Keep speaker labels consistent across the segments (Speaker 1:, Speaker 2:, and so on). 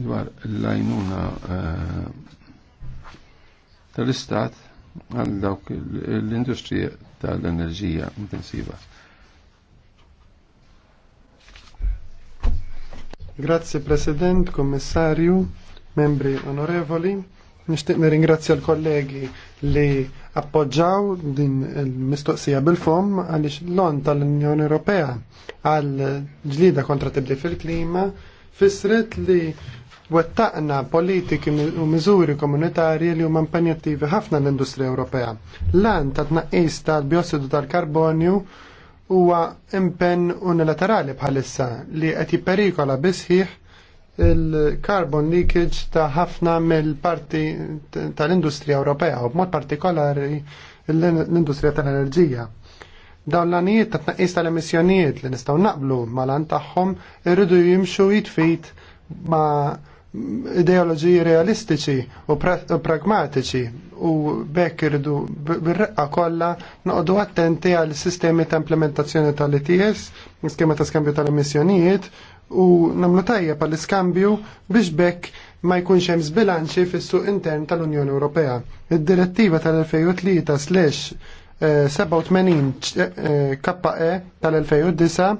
Speaker 1: dwar l-lajnuna eh, tal-istat għal dawk l-industrija tal-enerġija intensiva.
Speaker 2: Grazie President, Kommissarju, membri onorevoli. Nishtiq ringrazja l-kollegi li appoġġaw din il-mistoqsija bil-fom għaliex l-on tal-Unjoni Ewropea għal ġlida kontra tibdi fil-klima fisret li wettaqna politiki u miżuri komunitarji li huma impenjattivi ħafna l-industrija Ewropea. Lan ta' tnaqqis tal-biossidu tal-karbonju huwa impenn unilaterali bħalissa li qed jipperikola bisħiħ il-carbon leakage ta' ħafna mill-parti tal-industrija Ewropea u b'mod partikolari l-industrija tal-enerġija. Dawn l-anijiet ta' tnaqqis tal-emissjonijiet li nistgħu naqblu mal-an tagħhom irridu jimxu jitfit ma' ideoloġiji realistiċi u pragmatiċi u bekk irridu bir-reqqa kollha noqogħdu attenti għal sistemi ta' implementazzjoni tal-ETS, skema ta' skambju tal-emissjonijiet u nagħmlu tajjeb għall iskambju biex bekk ma jkunx hemm sbilanċi fis-suq intern tal-Unjoni Ewropea. Id-direttiva tal-2003/87 eh, eh, KE tal-2009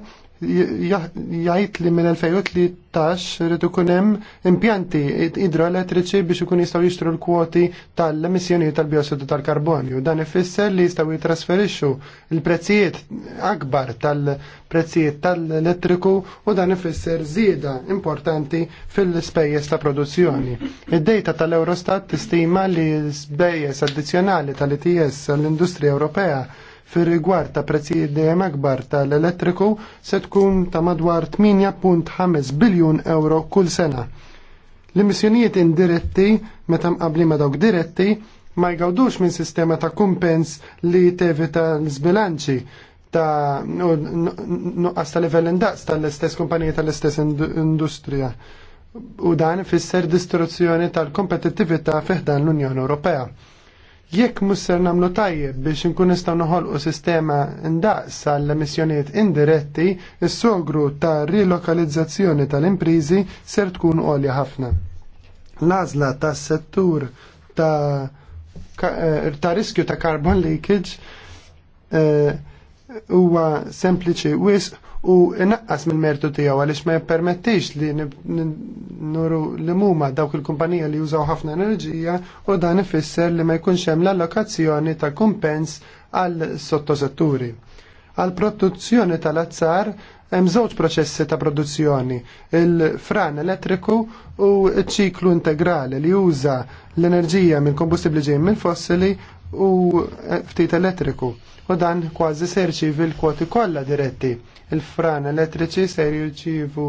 Speaker 2: jgħid li minn 2013 rridu kunem hemm impjanti idroelettriċi biex ikun jistgħu jixtru l-kwoti tal emissjoni tal-biossidu tal-karbonju. Dan ifisser li jistgħu jitrasferixxu l-prezzijiet akbar tal-prezzijiet tal-elettriku u dan ifisser żieda importanti fil-spejjeż ta' produzzjoni. Id-dejta tal-Eurostat tistima li spejjeż addizzjonali tal-ITS għall-industrija Ewropea fir rigward ta' prezzijiet dejjem akbar tal-elettriku se tkun ta' madwar 8.5 biljun euro kull sena. L-emissjonijiet indiretti meta mqabli ma dawk diretti ma jgawdux minn sistema ta' kumpens li tevita l-sbilanċi ta' nuqqas ta' level indaqs tal-istess kumpanija tal-istess industrija. U dan fisser distruzzjoni tal-kompetittività fiħdan l-Unjoni Ewropea Jekk musser namlu tajjeb biex nkun nistgħu noħolqu sistema ndaqs għall emissjonijiet indiretti, is-sogru ta' rilokalizzazzjoni tal-imprizi ser tkun għolja ħafna. L-għażla tas settur ta', eh, ta riskju ta' carbon leakage eh, huwa sempliċi wisq u inqas mill-mertu tiegħu għaliex ma jippermettix li nuru li muma dawk il-kumpanija li jużaw ħafna enerġija u dan ifisser li ma jkunx hemm l-allokazzjoni ta' kumpens għal sottosetturi. Għal produzzjoni tal-azzar hemm żewġ proċessi ta' produzzjoni, il-fran elettriku u ċ-ċiklu integrali li juża l-enerġija mill kombustibbli ġejjin mill fossili u eh, ftit elettriku. U dan kważi ser ċivi l-kwoti kollha diretti. Il-fran elettriċi ser jirċivu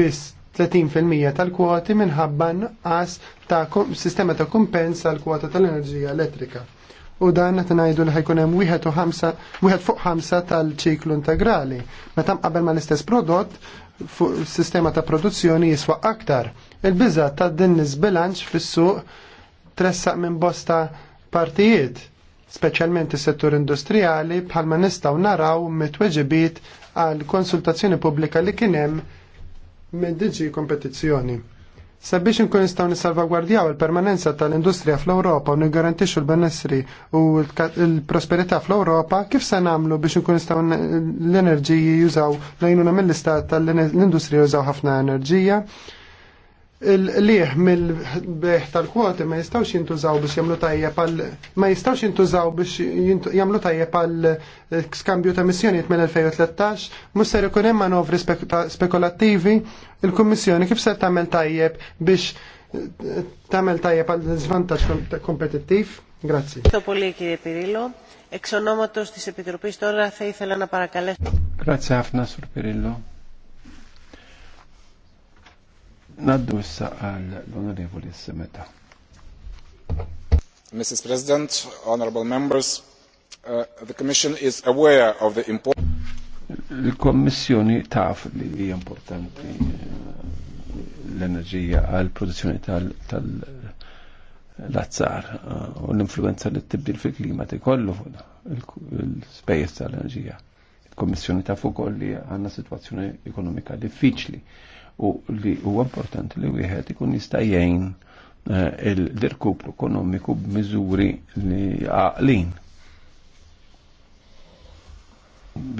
Speaker 2: biss 30% tal-kwoti minħabba nqas ta' sistema ta' kumpens għal kwota tal-enerġija elettrika. U dan qed ngħidu li ħajkun hemm wieħed fuq ħamsa tal-ċiklu integrali. Meta mqabel ma l-istess prodott fuq sistema ta' produzzjoni jiswa aktar. Il-biża ta' din l-isbilanċ fis-suq tressaq minn bosta partijiet, speċjalment is-settur industrijali bħalma nistgħu naraw mitweġibiet għal konsultazzjoni pubblika li kien hemm minn diġi kompetizzjoni. Sabiex nkun nistaw nissalvagwardjaw il-permanenza tal-industrija fl-Ewropa u niggarantixxu l-benessri u l-prosperità fl-Ewropa, kif se nagħmlu biex nkun nistaw l-enerġiji jużaw lejnuna mill-istat tal-industrija jużaw ħafna enerġija? il lieħ mill-beħ tal-kwoti ma jistawx jintużaw biex jamlu tajja pal ma jistawx jintużaw biex jamlu tajja pal eh, skambju ta' missjoniet mill 2013 mus ser ikun hemm manovri spekulattivi il-Kummissjoni kif ser tagħmel tajjeb biex eh, tagħmel tajjeb għal żvantaġġ kompetittiv. Grazzi. Grazie ħafna, Sur Pirillo.
Speaker 1: Naddu issa għal l-Onorevoli Semeta.
Speaker 2: Mrs. President, Honorable Members, uh, the Commission is aware of the importance
Speaker 1: il-Kommissjoni taf li hija importanti uh, l-enerġija għal produzzjoni tal-azzar uh, u l-influenza li tibdil fil-klima kollu il-spejjeż tal-enerġija. Kommissjoni ta' fukol li għanna situazzjoni ekonomika diffiċli u li u importanti li wieħed ikun jista' jgħin eh, l-irkupru ekonomiku b'miżuri li għaqlin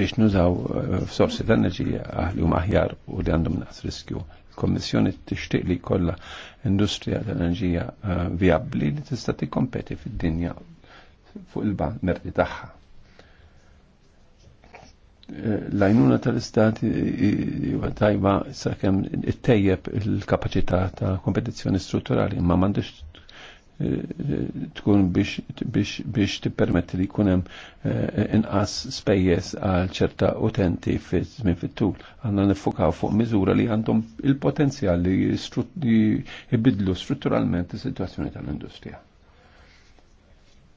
Speaker 1: biex nużaw f'sorsi eh, ta' enerġija aħli u maħjar u li għandhom naqs riskju. Il-Kommissjoni tixtieq li kollha industrija ta' enerġija eh, viabbli li tista' tikkompeti fid-dinja fuq il merdi tagħha l-għajnuna tal-istati huwa sakem sakemm tejjeb il-kapaċità ta' kompetizzjoni strutturali, ma m'għandix eh, eh, tkun biex tippermetti li jkun hemm eh, inqas spejjeż għal ċerta utenti minn fit-tul. Għanna nifukaw fuq miżura li għandhom il-potenzjal li jibidlu strutturalment is-sitwazzjoni tal-industrija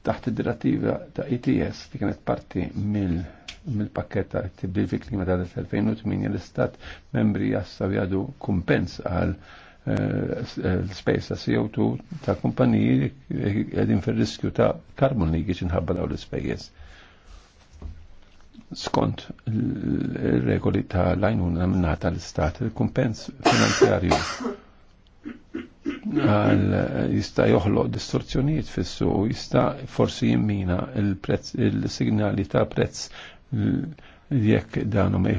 Speaker 1: taħt id-direttiva ta' ETS li kienet parti mill-pakket ta' tibdil fi klima ta' 2008 l-istat membri jassaw jadu kumpens għal eh, l-space ta' CO2 ta' kumpaniji għedin fil-riskju ta' karbon li għiex nħabba daw l-spejjeż skont il-regoli ta' lajnuna minnata l-istat, il-kumpens finanzjarju jista joħloq distorzjonijiet fissu u jista forsi jimmina il-signali ta' prezz jekk danu ma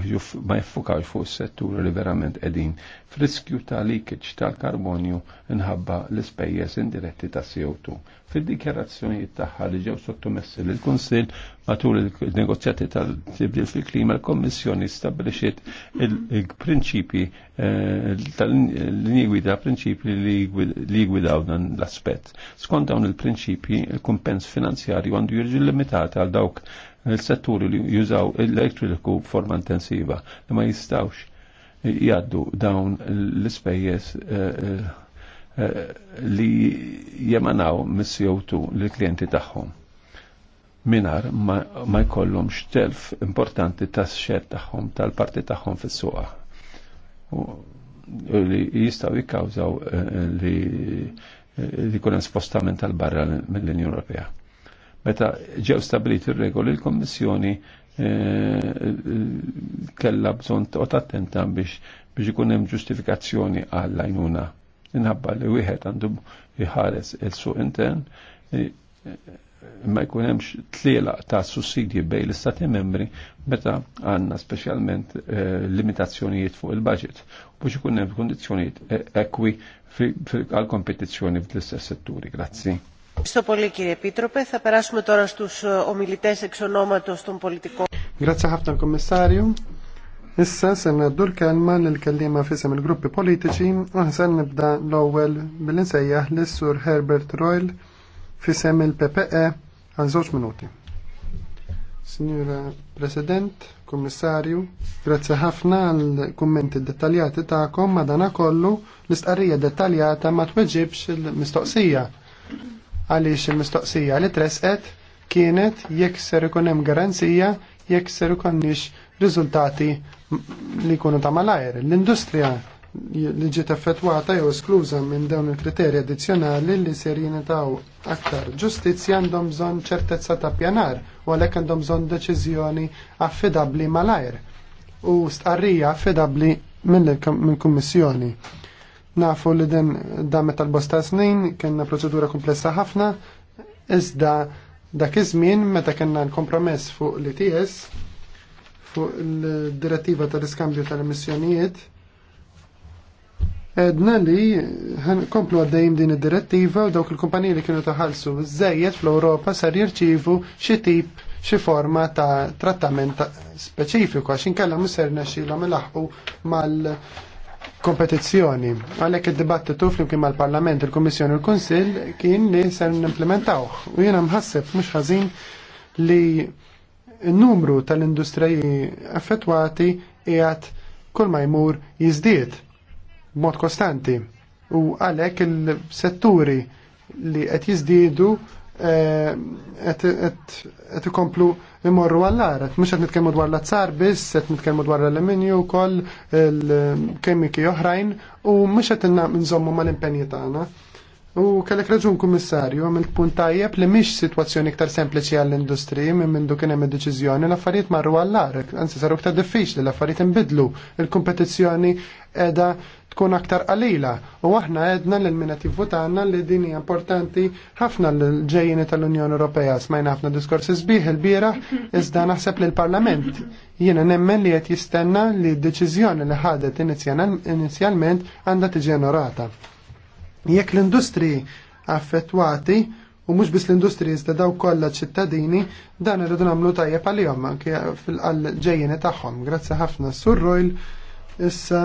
Speaker 1: jiffukawx fuq is-settur li verament qegħdin friskju ta' likiċ tal-karbonju nħabba l-ispejjeż indiretti ta' CO2. fid dikjarazzjoni tagħha li ġew sottomessi lil kunsill matul il-negozjati tal-tibdil fil-klima l-Kommissjoni stabbilixiet il-prinċipi eh, tal-linji gwida prinċipi li jgwidaw dan l-aspett. Skont dawn il-prinċipi, il-kumpens finanzjarju għandu jirġi limitata għal dawk il-setturi li jużaw l elektriku b'forma intensiva li ma jistawx jaddu dawn l-ispejjeż eh, eh, li jemanaw mis-CO2 l-klienti tagħhom minar ma jkollhom xtelf importanti tas xer tagħhom tal-parti tagħhom fis-suqa. Li jistgħu jikkawżaw eh, li li hemm spostament tal-barra mill-Unjoni Ewropea. Meta ġew ir regoli l-Kommissjoni eh, eh, kella bżon toqgħod attenta biex biex ikun hemm ġustifikazzjoni għall għajnuna. Inħabba li wieħed għandu jħares il-suq intern eh, ma jkun hemmx tliela ta' sussidji bej l-istati membri meta għandna speċjalment limitazzjonijiet fuq il-budget u biex ikun hemm kundizzjonijiet ekwi għal kompetizzjoni fl-istess setturi. Grazzi.
Speaker 2: Grazie ħafna l-Kommissarju. Issa se naddu l-kelma l-kellima fisem il-gruppi politiċi u nibda l-ewwel bil-insejjaħ l-Sur Herbert Royal fisem il-PPE għal żewġ minuti. Signora President, Kommissarju, grazie ħafna għal kummenti dettaljati ta'kom madana kollu l-istqarrija dettaljata ma tweġibx il-mistoqsija għaliex il-mistoqsija li tresqet kienet jekk ser ikun hemm garanzija jekk ser ikonniex riżultati li jkunu ta' malajr. L-industrija li ġiet effettwata jew skluża minn dawn il-kriterji addizzjonali li ser jinitaw aktar ġustizzja għandhom bżonn ċertezza ta' pjanar u għalhekk għandhom bżonn deċiżjoni affidabbli malajr u stqarrija affidabbli mill-Kummissjoni. Nafu li din damet tal-bosta snin, kena proċedura komplessa ħafna, iżda dak iż-żmien meta kena l-kompromess fuq l-ITS, fuq l-direttiva tal-iskambju tal-emissjonijiet, edna li komplu għaddejm din id-direttiva u dawk il-kumpaniji li kienu taħalsu żejjed fl-Ewropa sar jirċivu xi tip xi forma ta' trattament speċifiku għax inkella xi l ilaħqu mal- kompetizzjoni. Għalhekk id-dibattitu flimkien mal-Parlament, il-Kummissjoni u l-Kunsill kien li ser nimplementawh. U jiena mħasseb mhux ħażin li n-numru tal-industriji affettwati qiegħed kull ma jmur jiżdied b'mod kostanti. U għalhekk il-setturi li qed jiżdiedu qed eh, ikomplu imorru għall et mhux qed nitkemmu dwar l-azzar biss, qed nitkellmu dwar l-alluminju wkoll il-kemiki oħrajn u mhux qed nżommu mal-impenji tagħna. U kellek raġun kummissarju, għamil punt tajjeb li mhix sitwazzjoni iktar sempliċi għall-industri minn minn kien hemm id-deċiżjoni l-affarijiet marru għall-ar, anzi saru iktar diffiċli l-affarijiet inbidlu, il-kompetizzjoni qiegħda tkun aktar qalila. U aħna għedna l minna votanna li din hija importanti ħafna l-ġejjini tal-Unjoni Ewropea. Smajna ħafna diskorsi sbieħ il-bieraħ iżda naħseb li l-Parlament jiena nemmen li qed jistenna li d-deċiżjoni li ħadet inizjalment għandha tiġi onorata. Jekk l-industri affettwati u mhux biss l-industri iżda daw kollha ċittadini dan irridu nagħmlu tajjeb għalihom anke fil-ġejjeni tagħhom. Grazzi ħafna Sur Royal issa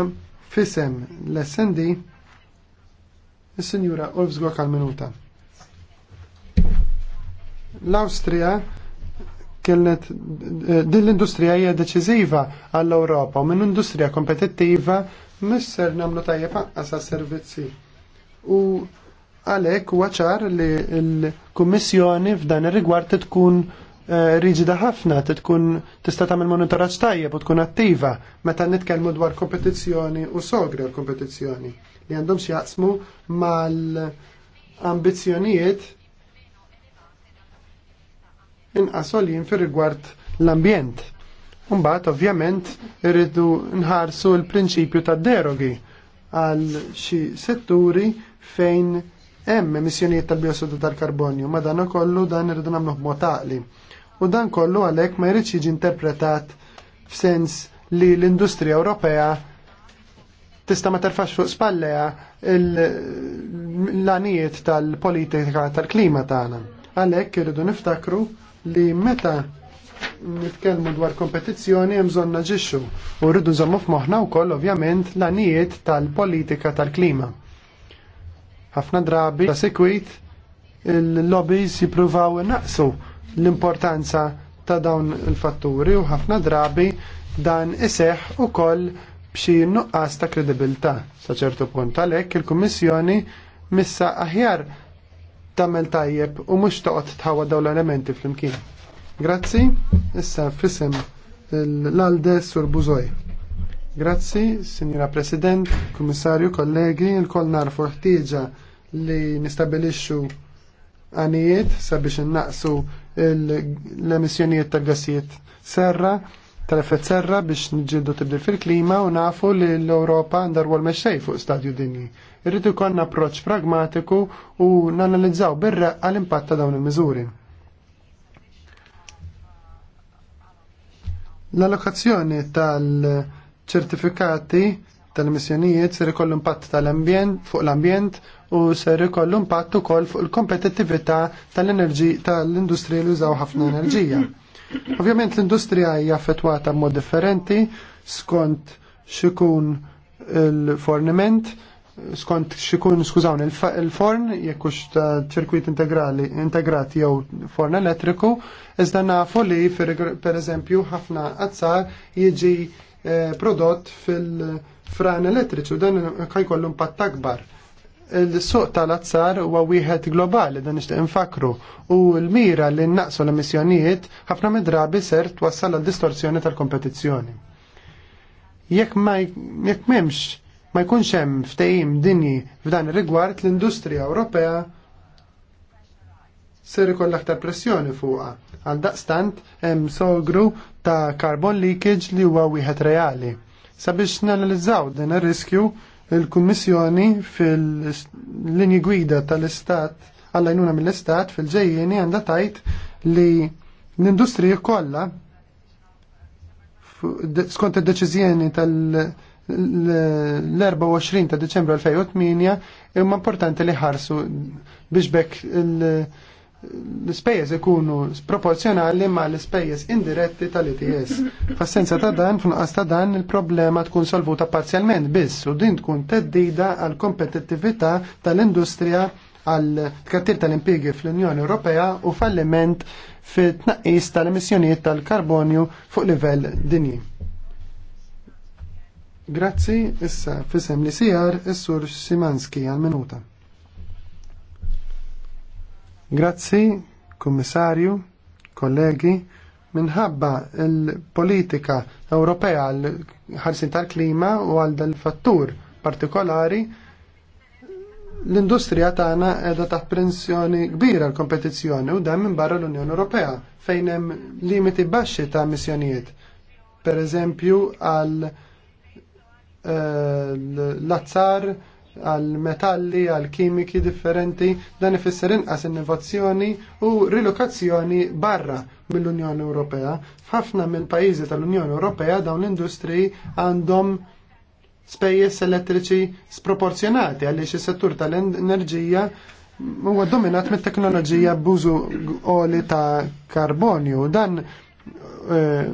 Speaker 2: fisem l-SND is-Sinjura Ulfsgok għal-minuta. L-Awstrija kellet din l-industrija hija deċiżiva għall-Ewropa u minn industrija kompetittiva misser nagħmlu tajjeb anqas servizzi u għalek huwa ċar li l-Kummissjoni f'dan ir-rigward tkun eh, rigida ħafna, tkun tista' tagħmel monitoraġġ tajjeb u tkun attiva meta nitkellmu dwar kompetizzjoni u sogri għal kompetizzjoni li għandhom x'jaqsmu mal-ambizzjonijiet inqasolin fir-rigward l-ambjent. Mbagħad ovvjament irridu nħarsu l-prinċipju tad-derogi għal xi setturi fejn hemm emissjonijiet tal-biossidu tal-karbonju, ma dan kollu dan irridu nagħmlu b'mod taqli. U dan kollu għalhekk ma jridx jiġi interpretat f'sens li l-industrija Ewropea tista' ma terfax fuq spalleja l-għanijiet tal-politika tal-klima tagħna. Għalhekk irridu niftakru li meta nitkellmu dwar kompetizzjoni hemm bżonn naġixxu u rridu nżommu f'moħħna wkoll ovvjament l-għanijiet tal-politika tal-klima ħafna drabi ta' sekwit il-lobbies jippruvaw naqsu l-importanza ta' dawn il-fatturi u ħafna drabi dan iseħ u koll bxi nuqqas ta' kredibilta. Sa' ċertu punt għalhekk il-Kummissjoni missa aħjar tagħmel tajjeb u mhux toqgħod tħawwa dawn l-elementi flimkien. Grazzi, issa fissem l-Aldes sur Buzoj. Grazzi, Signora President, Kummissarju, kollegi, il kol narfu ħtieġa li nistabilixxu għanijiet sabiex innaqsu l-emissjonijiet ta' gassijiet serra, tal-effett serra biex nġiddu tibdil fil-klima u nafu li l-Europa għandha għol meċċej fuq stadju dinji. Irritu konna approċċ pragmatiku u nanalizzaw birra għall-impatt ta' dawn il-miżuri. L-allokazzjoni tal- ċertifikati tal-missjonijiet ser ikollu impatt tal-ambjent fuq l-ambjent u ser ikollu impatt ukoll fuq il-kompetittività tal-enerġi tal-industrija li jużaw ħafna enerġija. Ovvjament l-industrija hija affettwata b'mod differenti skont xikun il-forniment, skont xikun skużawn il-forn jekk hux ta' ċirkwit integrali integrat jew forn elettriku, iżda nafu li per eżempju ħafna qazzar jiġi Eh, prodott fil-fran elettriċi u dan ħajkollu impatt akbar. Il-suq tal-azzar huwa wieħed globali dan nixtieq infakru u l-mira li naqsu l-emissjonijiet ħafna midrabi ser twassal għal distorsjoni tal-kompetizzjoni. Jekk ma jekk m'hemmx ma jkunx hemm ftehim dinji f'dan ir-rigward l-industrija Ewropea ser ikoll aktar pressjoni fuqha. Għal daqstant hemm sogru ta' carbon leakage li huwa wieħed reali. Sabiex nanalizzaw din ir-riskju, il-Kummissjoni fil-linji gwida tal-Istat għallajnuna mill-Istat fil-ġejjeni għandha tajt li l-industrija kollha skont id-deċiżjoni tal- l-24 ta' Deċembru 2008 imma importanti li ħarsu biex bekk l-spejjeż ikunu proporzjonali ma l-spejjeż indiretti tal-ITS. F'assenza ta' dan, f'nuqqas ta' dan, il-problema tkun solvuta parzjalment biss u din tkun teddida għal kompetittività tal-industrija għal tkattir tal-impiegi fl-Unjoni Ewropea u falliment fit tnaqqis tal-emissjonijiet tal-karbonju fuq livell dinji. Grazzi, issa fisem li sijar, is-sur Simanski għal-minuta. Grazzi, Kommissarju, kollegi, minħabba l-politika Ewropea għal-ħarsin tal-klima u għal dal-fattur partikolari l-industrija tagħna qiegħda taħt prensjoni kbira l-kompetizzjoni u dan minn barra l-Unjoni Ewropea fejn hemm limiti baxxi ta' emissjonijiet. Per eżempju għal eh, l-azzar għal metalli, għal kimiki differenti, dan ifisser inqas innovazzjoni u rilokazzjoni barra mill-Unjoni Ewropea. F'ħafna mill-pajjiżi tal-Unjoni Ewropea dawn l-industri għandhom spejjeż elettriċi sproporzjonati għaliex is-settur tal-enerġija huwa dominat mit-teknoloġija b'użu oli ta' karbonju. Dan eh,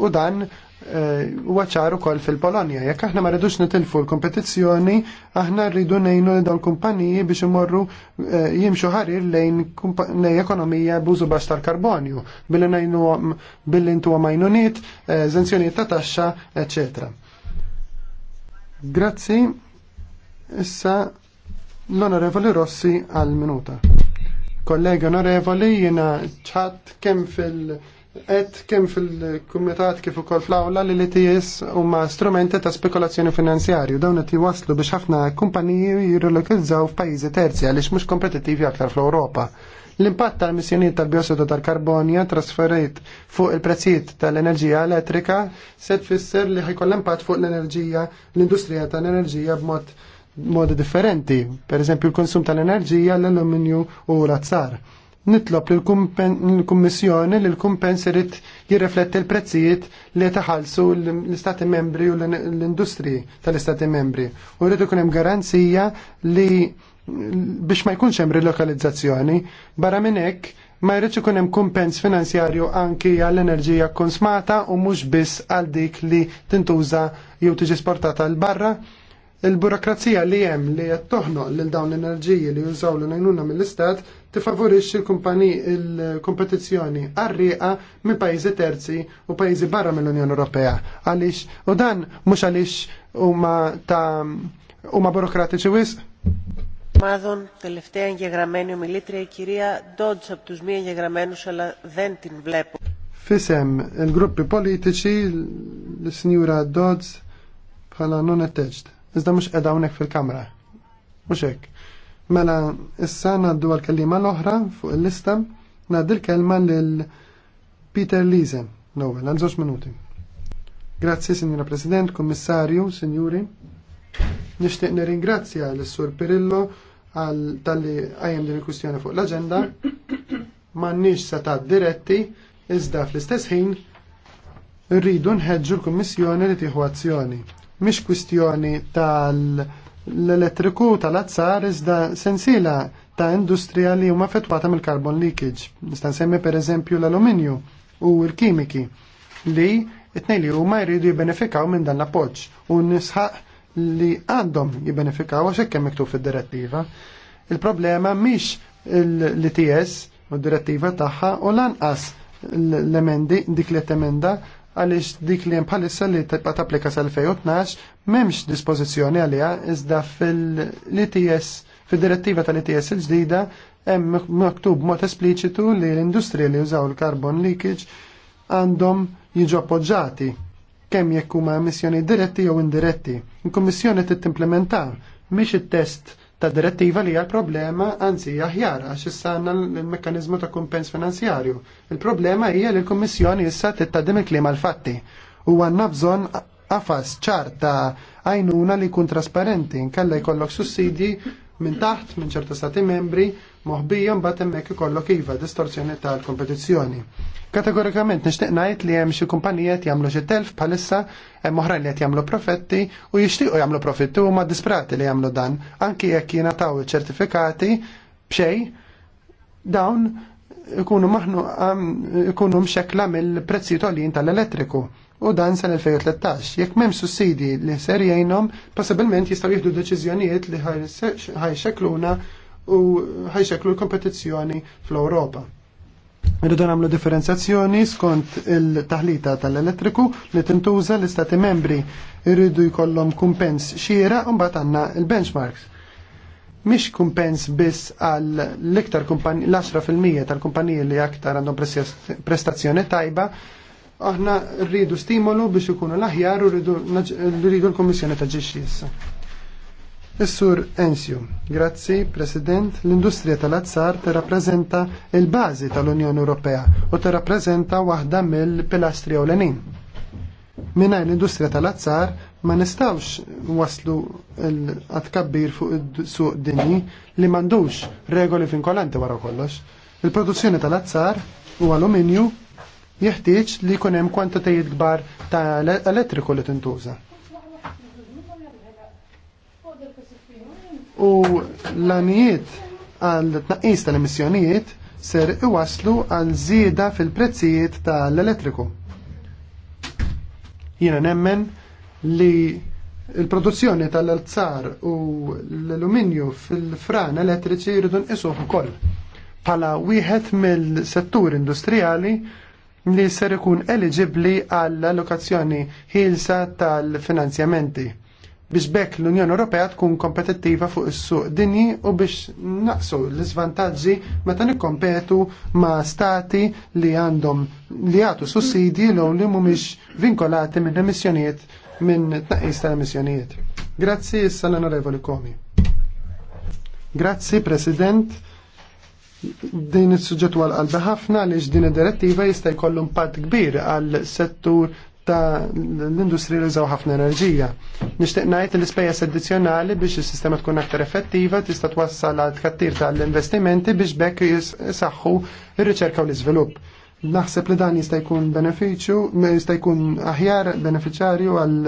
Speaker 2: u dan Eh, huwa ċar ukoll fil-Polonja. Jekk aħna ma rridux nitilfu l-kompetizzjoni, aħna rridu ngħinu l dawn kumpaniji biex imorru eh, jimxu ħarir lejn ekonomija b'użu baxx tal-karbonju, billi ngħinu billi ntuwa majnuniet, zenzjoniet eh, ta' taxxa, etc. Grazzi. Issa l-Onorevoli Rossi għal minuta. Kollegi onorevoli, jiena ċat kemm fil- Et kemm fil-kumitat kif ukoll fl-awla li l-ETS huma strumenti ta' spekulazzjoni finanzjarju dawn qed jwaslu biex ħafna kumpaniji jirrelokizzaw f'pajjiżi terzi għaliex mhux kompetittivi aktar fl-Ewropa. L-impatt tal-missjonijiet tal-biossidu tal-karbonja trasferit fuq il-prezzijiet tal-enerġija elettrika se tfisser li ħajkoll impatt fuq l-enerġija l-industrija tal-enerġija b'mod modi differenti, per eżempju il-konsum tal-enerġija, l-alluminju u l-azzar nitlob l-Kummissjoni li l-kumpens irid jirrefletti l-prezzijiet li taħalsu l-Istati membri u l-industriji tal-Istati membri. U rritu kunem hemm garanzija li biex ma jkunx hemm rilokalizzazzjoni, barra minn hekk ma jridx ikun hemm kumpens finanzjarju anki għall-enerġija konsmata u mhux biss għal dik li tintuża jew tiġi sportata l barra il-burokrazija li hemm li qed toħnoq lil dawn l-enerġiji li jużaw l-għajnuna mill-istat tifavorixxi l-kompetizzjoni arriqa minn pajjiżi terzi u pajjiżi barra mill-Unjoni Ewropea. Għaliex u dan mhux għaliex huma ta' huma burokratiċi wisq. Μάδων, τελευταία εγγεγραμμένη ομιλήτρια, η κυρία Ντότζ από του μη εγγεγραμμένου, αλλά δεν την βλέπω. Φύσεμ, il-gruppi politiċi, η σνιούρα Ντότζ, bħala non attached. Iżda mux edha unek fil-kamra. Mela, issa naddu għal-kellima l-oħra fuq il-lista, naddu l-kelma l-Peter Lise, l-ewwel, għal żewġ minuti. Grazzi, Signora President, Kommissarju, Sinjuri. Nishtiq nirringrazzja l-Sur Pirillo għal tal-li għajem din il-kustjoni fuq l-agenda. Mannix setat diretti, iżda fl-istess ħin rridu nħedġu l-Kommissjoni li tieħu azzjoni. Mhix kwistjoni tal- l-elettriku tal-azzar iżda sensiela ta' industrija li huma fetwata mill-carbon leakage. Nista' nsemmi pereżempju l-aluminju u l-kimiki li it li huma jridu jibbenefikaw minn dan l-appoġġ u nisħaq li għandhom jibbenefikaw għax hekk hemm fid-direttiva. Il-problema mhix l-ITS u d-direttiva tagħha u lanqas l-emendi dik li emenda għaliex dik li bħalissa li tibqa' tapplika sal-2012 m'hemmx dispożizzjoni għalija iżda fil-ITS fil direttiva tal-ITS il-ġdida hemm maktub mod espliċitu li l-industrija li jużaw il-carbon leakage għandhom jiġu appoġġati kemm jekk huma emissjoni diretti jew indiretti. Il-Kummissjoni tittimplementa mhix it-test ta' direttiva li hija l-problema anzi aħjar għax s-sanna l-mekkaniżmu ta' kumpens finanzjarju. Il-problema hija li l-Kummissjoni issa tittadim il-kliem għal-fatti u għanna bżonn għafas ċar ta' għajnuna li jkun trasparenti nkella jkollok sussidji minn taħt minn ċerta stati membri moħbija bat hemmhekk ikollok iva distorsjoni tal-kompetizzjoni. Kategorikament nixtieq ngħid li hemm xi kumpanijiet jagħmlu xi telf bħalissa hemm li jt jagħmlu profetti u jixtiequ jagħmlu profitti huma disprati li jagħmlu dan anki jekk jingħataw iċ-ċertifikati b'xejn dawn ikunu maħnu ikunu mxekla mill-prezzi tolin tal-elettriku u dan sal-2013. Jekk m'hemm sussidi li ser jgħinhom, possibilment jistgħu jieħdu deċiżjonijiet li xekluna u xeklu l-kompetizzjoni fl-Ewropa. Irridu nagħmlu differenzjazzjoni skont il-taħlita tal-elettriku li tintuża l-istati membri irridu jkollhom kumpens xiera u mbagħad għandna il-benchmarks. Mhix kumpens biss għal l-iktar l-10% tal-kumpaniji li aktar għandhom prestazzjoni tajba, aħna rridu stimolu biex ikunu l-aħjar u rridu l-Kummissjoni taġġixxi issa. Is-sur Ensju, grazzi President, l-industrija tal-azzar tirrappreżenta il-bażi tal-Unjoni Ewropea u tirrappreżenta waħda mill-pilastri ewlenin. Mingħajr l-industrija tal-azzar ma nistawx waslu l-atkabbir fuq suq dinji li mandux regoli vinkolanti wara kollox. Il-produzzjoni tal-azzar u aluminju jeħtieġ li jkun hemm kwantitajiet kbar ta' elettriku li tintuża. u l-anijiet għal tnaqqis tal-emissjonijiet ser iwaslu għal żieda fil-prezzijiet tal-elettriku. Jiena nemmen li il-produzzjoni tal-alzar u l-alluminju fil-fran elettriċi jridu nqisuh ukoll bħala wieħed mill-settur industrijali li ser ikun eligibli għall allokazzjoni ħilsa tal-finanzjamenti biex bekk l-Unjoni Ewropea tkun kompetittiva fuq is-suq dinji u biex naqsu l-iżvantaġġi meta nikkompetu ma' stati li għandhom li għatu sussidji l li mhumiex vinkolati minn emissjonijiet minn tnaqqis tal-emissjonijiet. Grazzi issa l-Onorevoli Komi. Grazzi President din is-suġġett għal qalbi ħafna għaliex din id-direttiva jista' jkollu impatt kbir għal settur ta' l-industrija li ħafna enerġija. Nixtieq ngħid l-ispejjeż addizzjonali biex is-sistema tkun aktar effettiva tista' twassal għal tkattir tal-investimenti biex bekk jisaħħu r-riċerka u l-iżvilupp. Naħseb li dan jista' jkun benefiċċju, jista' jkun aħjar benefiċjarju għal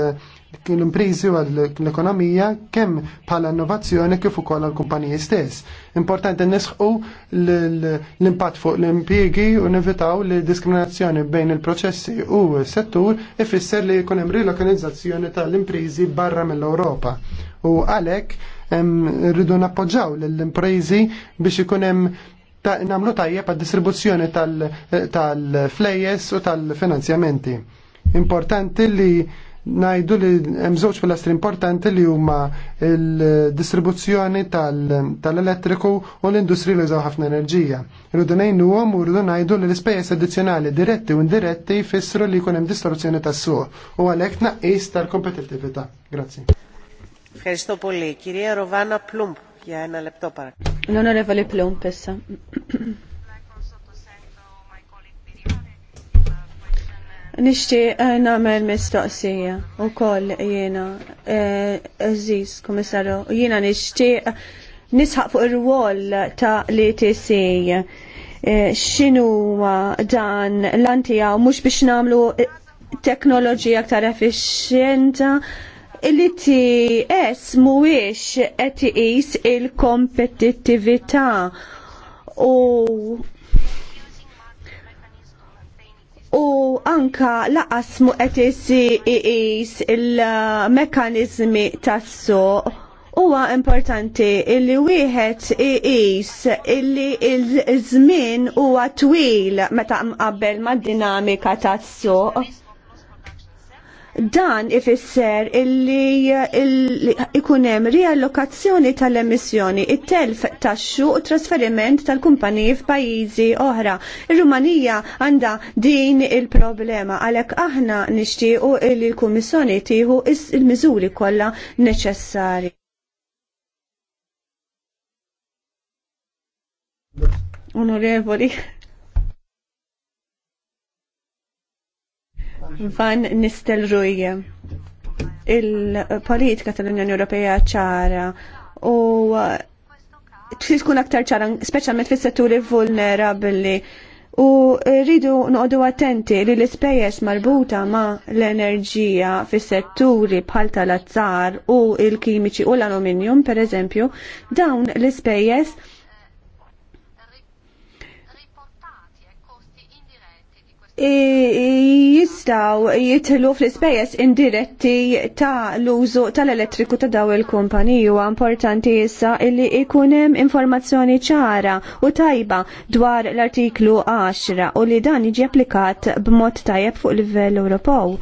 Speaker 2: l-imprizi u l-ekonomija kemm bħala innovazzjoni kif ukoll għall-kumpaniji stess. Importanti nisħu l-impatt fuq l-impjiegi u nevitaw li diskriminazzjoni bejn il-proċessi u s-settur ifisser li jkun hemm rilokalizzazzjoni tal-imprizi barra mill-Ewropa. U għalhekk rridu nappoġġaw l-imprizi biex ikun hemm ta namlu tajjeb għad distribuzzjoni tal-flejes u tal-finanzjamenti. Importanti li najdu li hemm żewġ pilastri importanti li huma il distribuzzjoni tal-elettriku u l-industri li ħafna enerġija. Irridu ngħinuhom u rridu ngħidu li l-ispejjeż addizzjonali diretti u indiretti jfissru li jkun hemm distorzjoni tas-suq u għalhekk naqis tal-kompetittività. Grazzi. Ευχαριστώ πολύ. Κυρία Ροβάνα Πλούμπ, για ένα λεπτό παρακαλώ. Νονορίβαλη Πλούμπ, πέσα.
Speaker 3: Nishti eh, namel mistoqsija u koll jena, eh, Aziz komissaru jena nishti eh, nisħaq fuq ir-wol ta' li e tisi xinu dan l-antija u mux biex namlu teknoloġija aktar effiċjenta li TS mhuwiex qed iqis il-kompetittività u anka laqas mu qed is il-mekkaniżmi tas-suq huwa importanti illi wieħed iqis illi iż-żmien huwa twil meta mqabbel mad-dinamika tas-suq dan ifisser illi ikunem riallokazzjoni tal-emissjoni, it-telf taxxu u trasferiment tal-kumpaniji f'pajjiżi oħra. Ir-Rumanija għandha din il-problema għalhekk aħna nixtiequ illi l-Kummissjoni tieħu il-miżuri kollha neċessari. Onorevoli. Van Nistelrooy. Il-politika tal-Unjoni Ewropea ċara u trid tkun aktar ċara, speċjalment fis-setturi vulnerabbli. U rridu noqogħdu attenti li l-ispejjeż marbuta ma' l-enerġija fis-setturi bħal tal-azzar u l-kimiċi u l-aluminium, pereżempju, dawn l-ispejjeż jistaw jitlu fl-ispejjeż indiretti ta' l-użu tal-elettriku ta' daw il-kumpaniji huwa importanti issa illi ikun hemm informazzjoni ċara u tajba dwar l-artiklu 10 u li dan jiġi applikat b'mod tajjeb fuq livell Ewropew.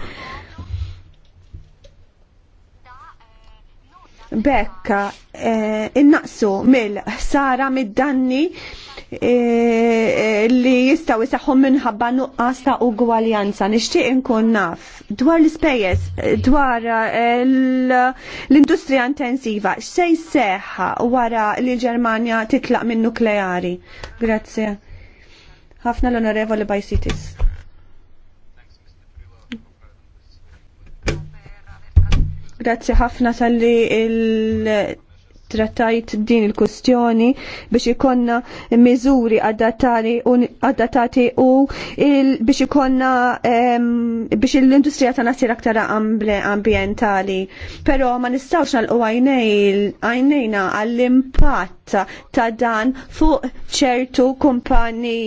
Speaker 3: bekka eh, innaqsu mill-ħsara mid-danni eh, li jistaw jisaxħu minħabba nuqqas ta' ugwaljanza. Nixtieq inkun naf dwar l-ispejjeż, dwar eh, l-industrija intensiva, x'se seħħa wara li l-Ġermanja titlaq minn nukleari. Grazie. Ħafna l-Onorevoli Bajsitis. Grazzi ħafna tal-li il- trattajt din il-kustjoni biex ikonna miżuri adattati u biex ikonna biex l-industrija ta' nasir aktar ambientali. Pero ma nistawx nal-u għajnejna għall-impatt ta' dan fuq ċertu kumpani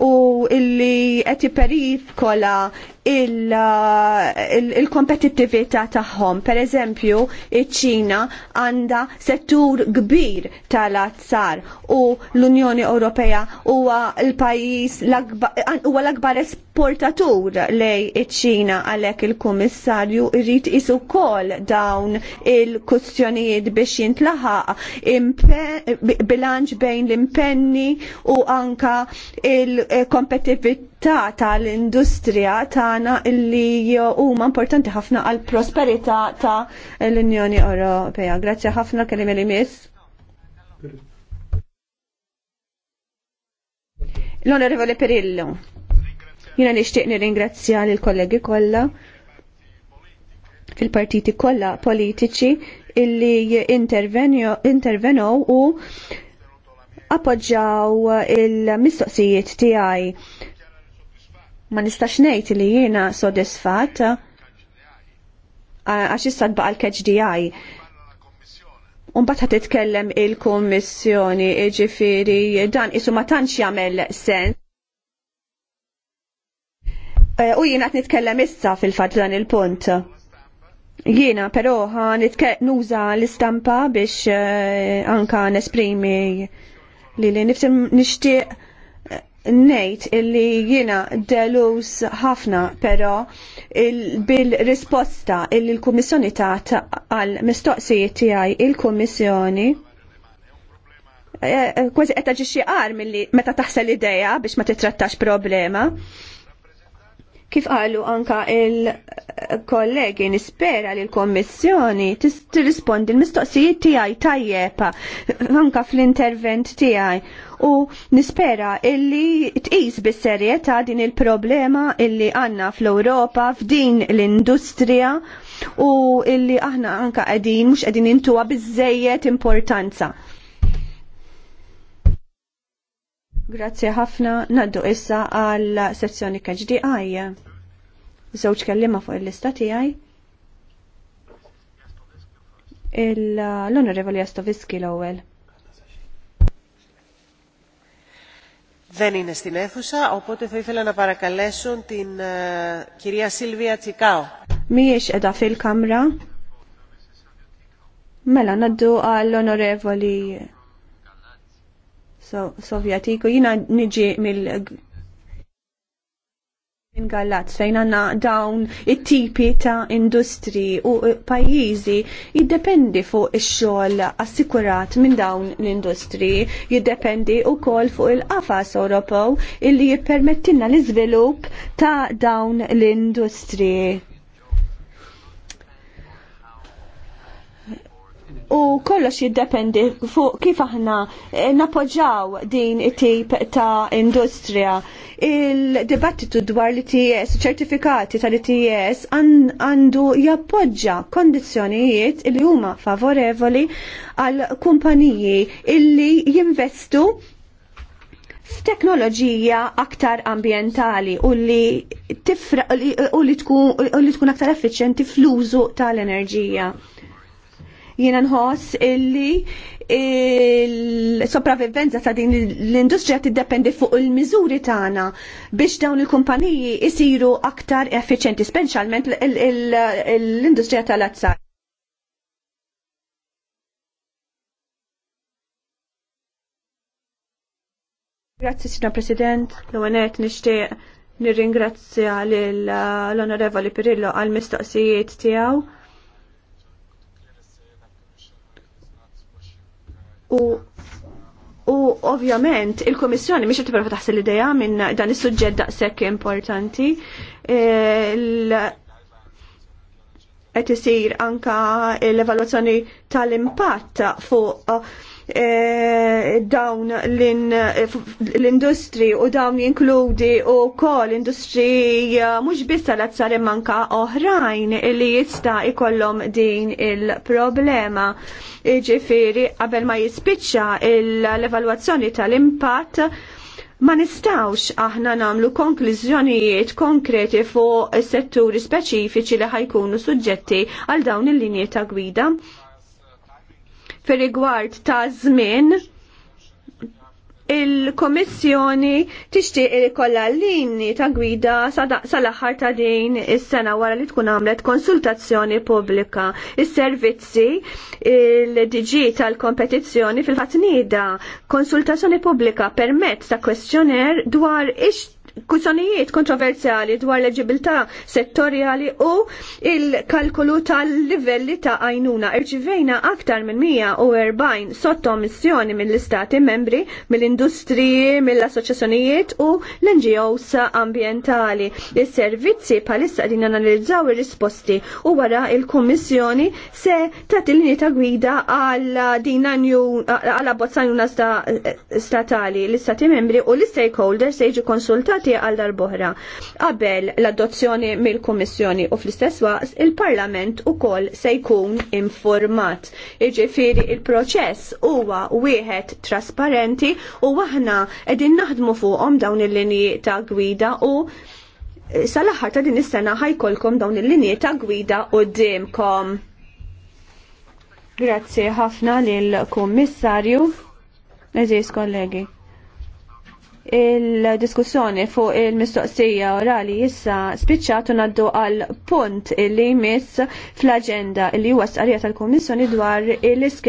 Speaker 3: u illi qed kola il-kompetittività il eh, tagħhom. Per eżempju, iċ-Ċina għandha settur kbir tal-azzar u l-Unjoni Ewropea huwa l-pajjiż huwa l-akbar esportatur lej iċ-Ċina għalhekk il-Kummissarju jrid isu kol dawn il-kustjonijiet biex jintlaħaq bilanċ bejn l-impenni u anka il-kompetittività eh, ta' tal-industrija tagħna illi huma importanti ħafna għal prosperità ta' l-Unjoni Ewropea. Grazzi ħafna kelli li miss. L-Onorevole Perillo. Jiena nixtieq nirringrazzja lill kollegi kollha fil-partiti kollha politiċi illi intervenow u appoġġaw il-mistoqsijiet tiegħi Ma nistax ngħid li jiena sodisfatt għax issa baqa l-KHDI. bat ħat titkellem il-kommissjoni, iġifiri, dan isu ma tantx jagħmel sens. E, u jiena qed nitkellem issa fil-fatt dan il-punt. Jiena però nuża l-istampa biex e, anka nesprimi li li niftim nixtieq nejt illi jina delus ħafna pero bil-risposta illi l-Kummissjoni tat għal mistoqsijiet tiegħi il-Kummissjoni eh, eh, kważi qed taġixxi qar milli meta taħsel ideja biex ma titrattax problema. Kif qalu anka il-kollegi nispera li l-Kommissjoni tirrispondi l-mistoqsijiet tijaj tajjeb anka fl-intervent tiegħi u nispera illi tqis bis-serjetà din il-problema illi għandna fl-Ewropa f'din l-industrija u illi aħna anka qegħdin mhux qegħdin intuwa biżejjed importanza. Grazzi ħafna naddu issa għal sezzjoni KHDI. Żewġ kellima fuq il-lista tiegħi. L-Onorevoli Jastoviski l-ewwel.
Speaker 2: Δεν είναι στην αίθουσα, οπότε θα ήθελα να παρακαλέσουν την uh, κυρία Σίλβια Τσικάο.
Speaker 3: Μίες εδα κάμρα. Μέλα να δω al onorevoli Sovjetiku. Jina niġi mill minn Gallat fejn għanna dawn it-tipi ta' industri u e, pajjiżi jiddependi fuq ix-xogħol assikurat minn dawn l-industri, jiddependi wkoll fuq il-qafas Ewropew illi jippermettilna l-iżvilupp ta' dawn l-industri u kollox jiddependi fuq kif aħna eh, napoġġaw din it-tip ta' industrija. Il-dibattitu dwar l-ITS, ċertifikati tal-ITS għandu jappoġġa kondizjonijiet li huma favorevoli għal kumpaniji illi jinvestu f'teknoloġija aktar ambientali u li tifra u li tkun aktar effiċjenti fl-użu tal-enerġija. Jiena nħoss illi il-sopravivenza ta' din l-industrija tiddependi fuq il-miżuri tagħna biex dawn il-kumpaniji isiru aktar effiċenti, speċjalment l-industrija tal-azzar. Grazzi, Sina President. L-għanet nishtiq nirringrazzja l-Onorevoli Pirillo għal-mistoqsijiet tijaw. U U ovvjament il-Komissjoni mhix tipprova taħsel l-idea minn dan is-suġġett daqshekk importanti. Qed isir anka l-evalwazzjoni tal-impatt fuq Eh, dawn l-industri u dawn jinkludi u kol industri eh, mux bissa la azzar manka oħrajn li jista ikollom din il-problema. Ġifiri, qabel ma jispiċċa l-evaluazzjoni tal-impatt, ma nistawx aħna namlu konklużjonijiet konkreti fuq setturi speċifiċi li ħajkunu suġġetti għal dawn il-linji ta' gwida per rigward ta' żmien il-Komissjoni tixtieq kolla l linni ta' gwida sal-aħħar ta' din is-sena wara li tkun għamlet konsultazzjoni pubblika. il servizzi il-DG tal-kompetizzjoni fil-ħatnida konsultazzjoni pubblika permezz ta' kwestjoner dwar ix kuzzonijiet kontroversjali dwar leġibilta settorjali u il kalkulu tal-livelli ta' għajnuna. Irċivejna aktar minn 140 sottomissjoni mill-istati membri, mill-industriji, mill-assoċjazzjonijiet u l-NGOs ambientali. Is-servizzi palissa din analizzaw ir-risposti u wara il-Kummissjoni se tagħti linji ta' gwida għal din għal abbozzanjuna statali l-istati membri u l-stakeholders se jiġu konsultati deputati għal darbohra qabel l-adozzjoni mill-Kummissjoni u fl-istess waqt il-Parlament ukoll se jkun informat. Iġifieri il-proċess huwa wieħed trasparenti u aħna qegħdin naħdmu fuqhom dawn il-linji ta' gwida u sal-aħħar ta' din is-sena ħajkolkom dawn il-linji ta' gwida qudiemkom. Grazzi ħafna lill kummissarju Eżis kollegi il-diskussjoni fuq il-mistoqsija orali issa spiċċat u naddu għal punt li jmiss fl-agenda li huwa s tal-Kummissjoni dwar il-isken